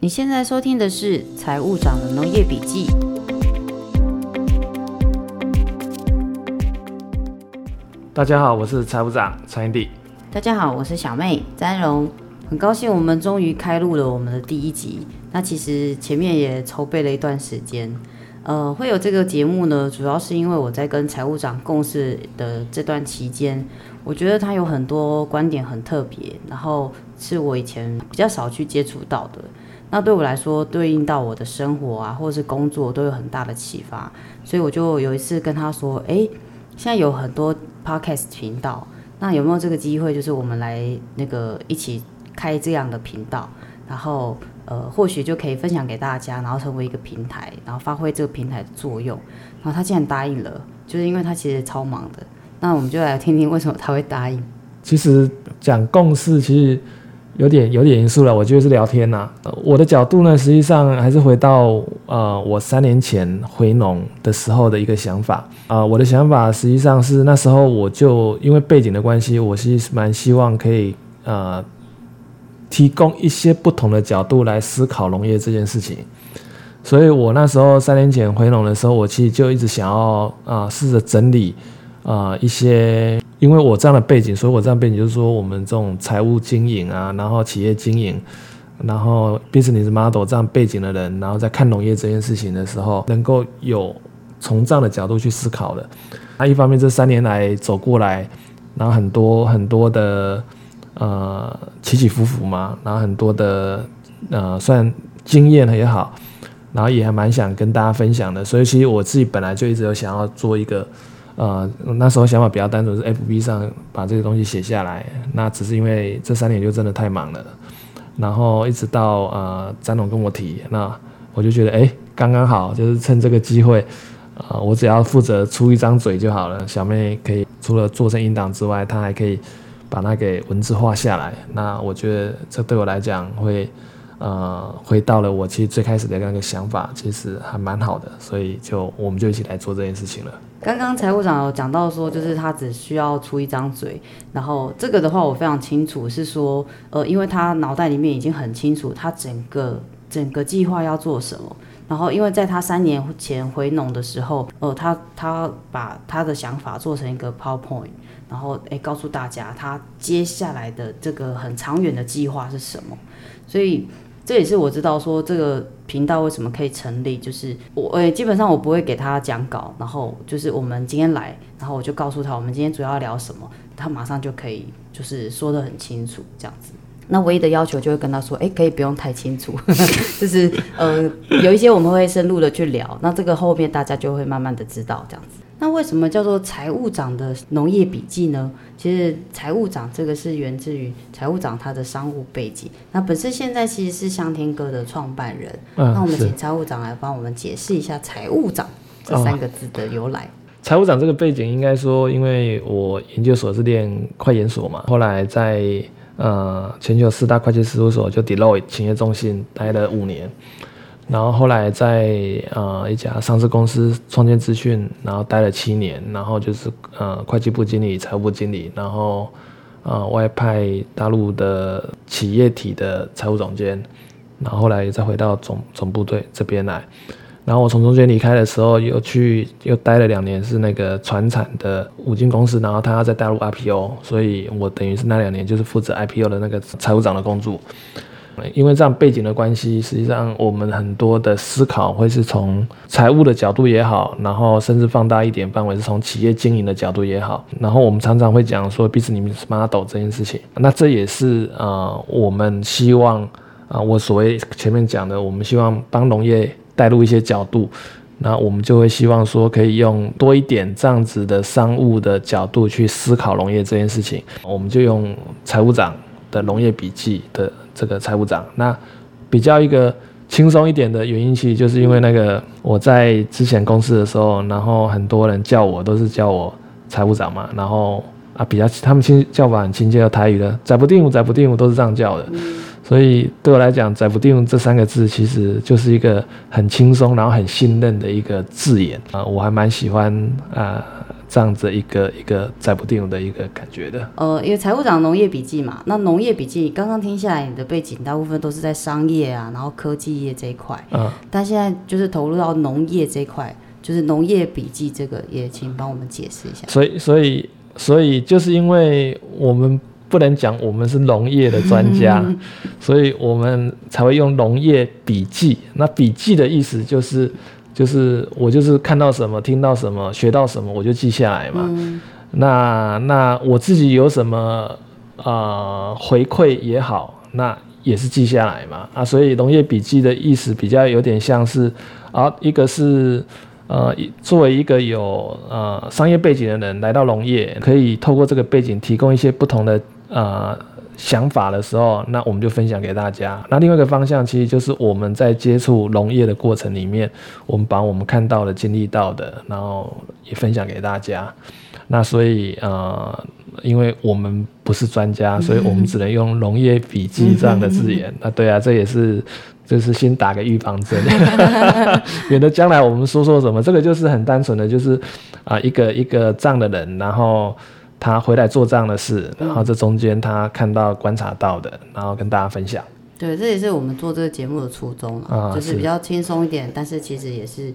你現在收聽的是《財務長的農業筆記》。大家好，我是財務長蔡英弟。大家好，我是小妹詹榮。很高興我們終於開錄了我們的第一集。那其實前面也籌備了一段時間。呃，會有這個節目呢，主要是因為我在跟財務長共事的這段期間，我覺得他有很多觀點很特別，然後是我以前比較少去接觸到的。那對我來說，對應到我的生活啊，或者是工作，都有很大的啟發。所以我就有一次跟他說：“哎、欸，現在有很多 podcast 頻道，那有沒有這個機會，就是我們來那個一起開這樣的頻道，然後呃，或許就可以分享給大家，然後成為一個平台，然後發揮這個平台的作用。”然後他竟然答應了，就是因為他其實超忙的。那我們就來聽聽為什麼他會答應。其實講共事，其實。有點有點嚴肅了，我就是聊天吶、啊呃。我的角度呢，實際上還是回到呃，我三年前回農的時候的一個想法啊、呃。我的想法實際上是那時候我就因為背景的關係，我其實蠻希望可以呃提供一些不同的角度來思考農業這件事情。所以我那時候三年前回農的時候，我其實就一直想要啊、呃，試着整理啊、呃、一些。因為我這樣的背景，所以我這樣的背景就是說，我們這種財務經營啊，然後企業經營，然後 business model 這樣背景的人，然後在看農業這件事情的時候，能夠有從這樣的角度去思考的。那一方面，這三年來走過來，然後很多很多的呃起起伏伏嘛，然後很多的呃算經驗也好，然後也還蠻想跟大家分享的。所以，其實我自己本來就一直有想要做一個。呃，那時候想法比較單純，是 FB 上把這個東西寫下來。那只是因為這三年就真的太忙了，然後一直到呃張總跟我提，那我就覺得哎，剛、欸、剛好就是趁這個機會，啊、呃，我只要負責出一張嘴就好了。小妹可以除了做聲音檔之外，她還可以把它給文字化下來。那我覺得這對我來講會。呃，回到了我其實最開始的那個想法，其實還蠻好的，所以就我們就一起來做這件事情了。剛剛財務長有講到說，就是他只需要出一張嘴，然後這個的話我非常清楚，是說呃，因為他腦袋裡面已經很清楚他整個整個計劃要做什麼，然後因為在他三年前回農的時候，呃，他他把他的想法做成一個 PowerPoint，然後哎，告訴大家他接下來的這個很長遠的計劃是什麼，所以。這也是我知道說這個頻道為什麼可以成立，就是我，誒、欸，基本上我不會給他講稿，然後就是我們今天來，然後我就告訴他我們今天主要要聊什麼，他馬上就可以就是說得很清楚這樣子。那唯一的要求就會跟他說，哎、欸，可以不用太清楚， 就是呃，有一些我們會深入的去聊，那這個後面大家就會慢慢的知道這樣子。那為什麼叫做財務長的農業筆記呢？其實財務長這個是源自於財務長他的商務背景。那本身現在其實是向天歌的創辦人，嗯。那我們請財務長來幫我們解釋一下財務長這三個字的由來。財、嗯哦啊、務長這個背景，應該說，因為我研究所是練快研所嘛，後來在呃全球四大會計事務所就 Deloitte 企業中心待了五年。嗯然後後來在呃一家上市公司創建資訊，然後待了七年，然後就是呃會計部經理、財務部經理，然後呃外派大陸的企業體的財務總監，然後後來再回到總總部隊這邊來。然後我從中間離開的時候，又去又待了兩年，是那個傳產的五金公司，然後他要在大陸 IPO，所以我等於是那兩年就是負責 IPO 的那個財務長的工作。因為這樣背景的關係，實際上我們很多的思考會是從財務的角度也好，然後甚至放大一點範圍是從企業經營的角度也好，然後我們常常會講說 business model 這件事情。那這也是呃我們希望啊、呃、我所謂前面講的，我們希望幫農業帶入一些角度，那我們就會希望說可以用多一點這樣子的商務的角度去思考農業這件事情。我們就用財務長的農業筆記的。這個財務長，那比較一個輕鬆一點的原因，其實就是因為那個我在之前公司的時候、嗯，然後很多人叫我都是叫我財務長嘛，然後啊比較他們親叫法很親切，有台語的“宰不定”，“宰不定”，我都是這樣叫的、嗯，所以對我來講，“宰不定”這三個字其實就是一個很輕鬆，然後很信任的一個字眼啊，我還蠻喜歡啊。這樣子一個一個在不定的一個感覺的，呃，因為財務長農業筆記嘛，那農業筆記剛剛聽下來，你的背景大部分都是在商業啊，然後科技業這一塊，嗯，但現在就是投入到農業這一塊，就是農業筆記這個，也請幫我們解釋一下。所以，所以，所以，就是因為我們不能講我們是農業的專家， 所以我們才會用農業筆記。那筆記的意思就是。就是我就是看到什麼、聽到什麼、學到什麼，我就記下來嘛。嗯、那那我自己有什麼啊、呃、回饋也好，那也是記下來嘛。啊，所以農業筆記的意思比較有點像是啊，一個是呃，作為一個有呃商業背景的人來到農業，可以透過這個背景提供一些不同的啊。呃想法的時候，那我們就分享給大家。那另外一個方向，其實就是我們在接觸農業的過程裡面，我們把我們看到的、經歷到的，然後也分享給大家。那所以，呃，因為我們不是專家，所以我們只能用農業筆記這樣的字眼。啊， 對啊，這也是就是先打個預防針，免得將來我們說說什麼。這個就是很單純的，就是啊、呃，一個一個這樣的人，然後。他回來做這樣的事，然後這中間他看到，嗯，觀察到的，然後跟大家分享。對，這也是我們做這個節目的初衷，啊啊，就是比較輕鬆一點，但是其實也是，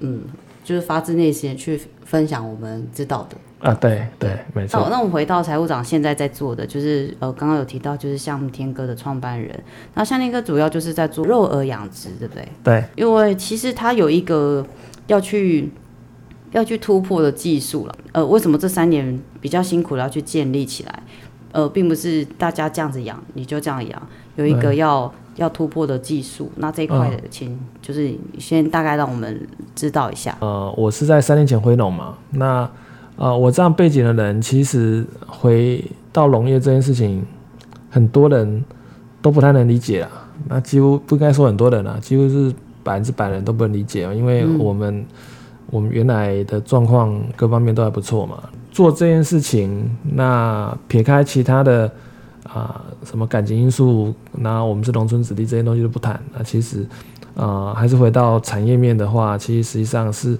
嗯，就是發自內心去分享我們知道的。啊，對對，沒錯。那我們回到財務長現在在做的，就是呃，剛剛有提到就是項目天哥的創辦人，那項天哥主要就是在做肉鵝養殖，對不對？對，因為其實他有一個要去。要去突破的技術了，呃，為什麼這三年比較辛苦，要去建立起來？呃，並不是大家這樣子養，你就這樣養，有一個要要突破的技術，那這一塊，請、嗯、就是先大概讓我們知道一下。呃，我是在三年前回農嘛，那呃，我這樣背景的人，其實回到農業這件事情，很多人都不太能理解啊。那幾乎不應該說很多人啊，幾乎是百分之百的人都不能理解，因為我們、嗯。我們原來的狀況各方面都還不錯嘛，做這件事情，那撇開其他的啊、呃、什麼感情因素，那我們是農村子弟，這些東西都不談。那、啊、其實啊、呃，還是回到產業面的話，其實實際上是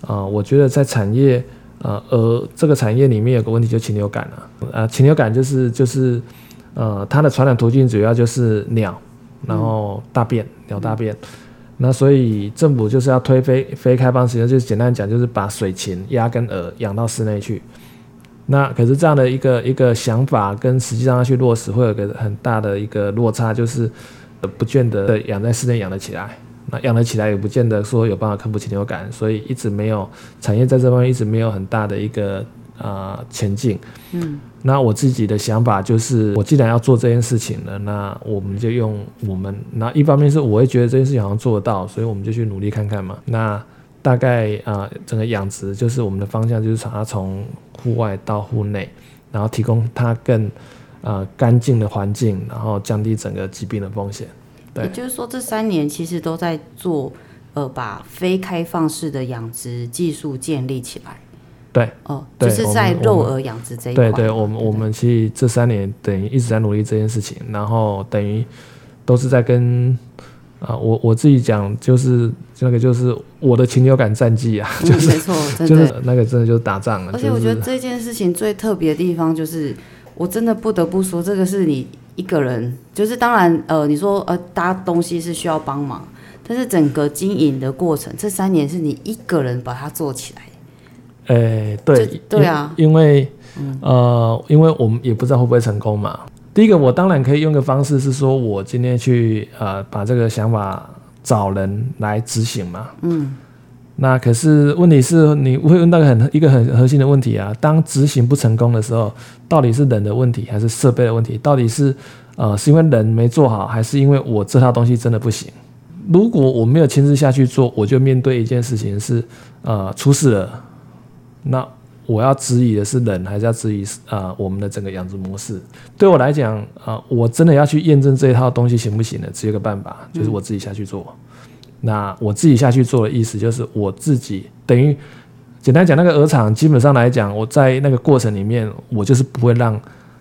啊、呃，我覺得在產業呃，呃這個產業裡面有個問題，就禽流感啊。呃，禽流感就是就是呃，它的傳染途徑主要就是鳥，然後大便，嗯、鳥大便。那所以政府就是要推非非開放式的，就是、簡單講就是把水禽鴨跟鵝養到室內去。那可是這樣的一個一個想法跟實際上要去落實會有一個很大的一個落差，就是不見得養在室內養得起來，那養得起來也不見得說有辦法看不起流感，所以一直沒有產業在這方面一直沒有很大的一個。啊、呃，前進。嗯，那我自己的想法就是，我既然要做這件事情了，那我們就用我們那一方面是，我會覺得這件事情好像做得到，所以我們就去努力看看嘛。那大概啊、呃，整個養殖就是我們的方向，就是想要從戶外到戶內，然後提供它更呃乾淨的環境，然後降低整個疾病的風險。對。也就是說，這三年其實都在做呃，把非開放式的養殖技術建立起來。對，哦，就是在肉鵝養殖這一塊。對，對，對，我們對對對我們其實這三年等於一直在努力這件事情，然後等於都是在跟啊，我我自己講就是那個就是我的禽流感戰績啊、嗯，就是沒錯，真的、就是、那個真的就是打仗了。而且我覺得這件事情最特別的地方就是，我真的不得不說，這個是你一個人，就是當然呃，你說呃搭東西是需要幫忙，但是整個經營的過程這三年是你一個人把它做起來的。誒、欸，對，對啊，因，因為，呃，因為我們也不知道會不會成功嘛。第一個，我當然可以用個方式是說，我今天去，呃，把這個想法找人來執行嘛。嗯，那可是問題是你會問到一個很一個很核心的問題啊，當執行不成功的時候，到底是人的問題還是設備的問題？到底是，呃，是因為人沒做好，還是因為我這套東西真的不行？如果我沒有親自下去做，我就面對一件事情是，呃，出事了。那我要質疑的是人，還是要質疑啊、呃？我們的整個養殖模式，對我來講啊、呃，我真的要去驗證這一套東西行不行的？只有一個辦法，就是我自己下去做、嗯。那我自己下去做的意思就是我自己等於簡單講，那個鵝場基本上來講，我在那個過程裡面，我就是不會讓，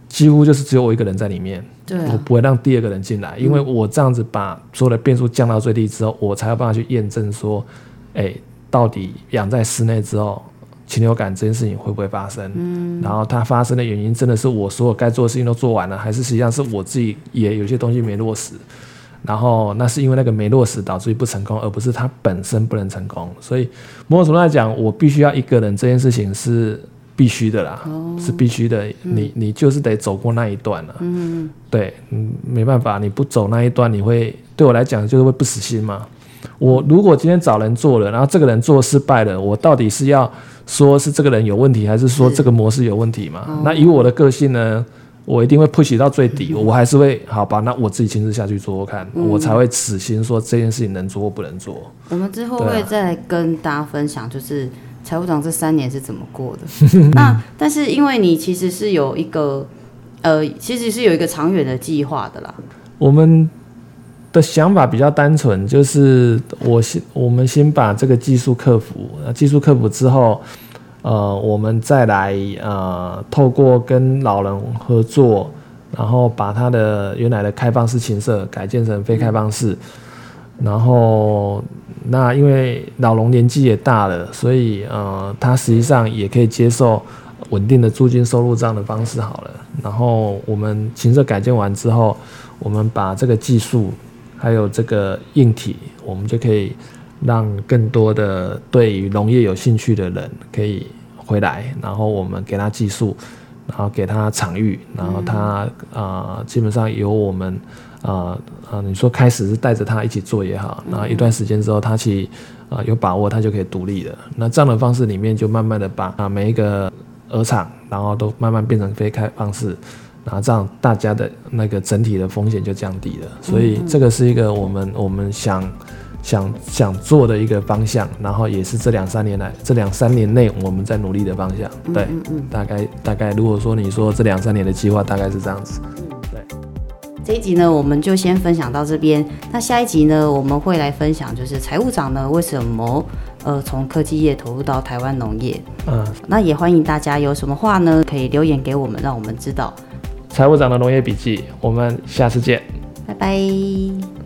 幾乎就是只有我一個人在裡面，對、啊，我不會讓第二個人進來，因為我這樣子把所有的變數降到最低之後，嗯、我才有辦法去驗證說，哎、欸，到底養在室內之後。禽流感這件事情會不會發生？嗯，然後它發生的原因真的是我所有該做的事情都做完了，還是實際上是我自己也有些東西沒落實？然後那是因為那個沒落實導致於不成功，而不是它本身不能成功。所以某種程度來講，我必須要一個人這件事情是必須的啦，哦、是必須的。你你就是得走過那一段了。嗯，對，沒辦法，你不走那一段，你會對我來講就是會不死心嘛。我如果今天找人做了，然後這個人做失敗了，我到底是要？說是這個人有問題，還是說這個模式有問題嘛？Oh. 那以我的個性呢，我一定會 push 到最底，我還是會好吧？那我自己親自下去做做，做看，嗯，我才會死心說這件事情能做或不能做。我們之後會再跟大家分享，就是財、啊、務長這三年是怎麼過的。 那但是因為你其實是有一個，呃，其實是有一個長遠的計劃的啦。我們。想法比較單純，就是我先我們先把這個技術克服，技術克服之後，呃，我們再來呃透過跟老人合作，然後把他的原來的開放式禽舍改建成非開放式，然後那因為老人年紀也大了，所以呃，他實際上也可以接受穩定的租金收入這樣的方式好了，然後我們禽舍改建完之後，我們把這個技術，還有這個硬體，我們就可以讓更多的對於農業有興趣的人可以回來，然後我們給他技術，然後給他場域，然後他啊、嗯呃，基本上由我們啊啊、呃呃，你說開始是帶着他一起做也好，然後一段時間之後他，他去啊有把握，他就可以獨立了。那這樣的方式裡面，就慢慢的把啊每一個鵝場，然後都慢慢變成非開放式。那這樣，大家的那個整體的風險就降低了，所以這個是一個我們我們想想想做的一個方向，然後也是這兩三年來這兩三年內我們在努力的方向。對，嗯嗯嗯大概大概如果說你說這兩三年的計劃大概是這樣子，對。這一集呢，我們就先分享到這邊。那下一集呢，我們會來分享，就是財務長呢為什麼呃從科技業投入到台灣農業。嗯。那也歡迎大家有什麼話呢，可以留言給我們，讓我們知道。財務長的農業筆記，我們下次見，拜拜。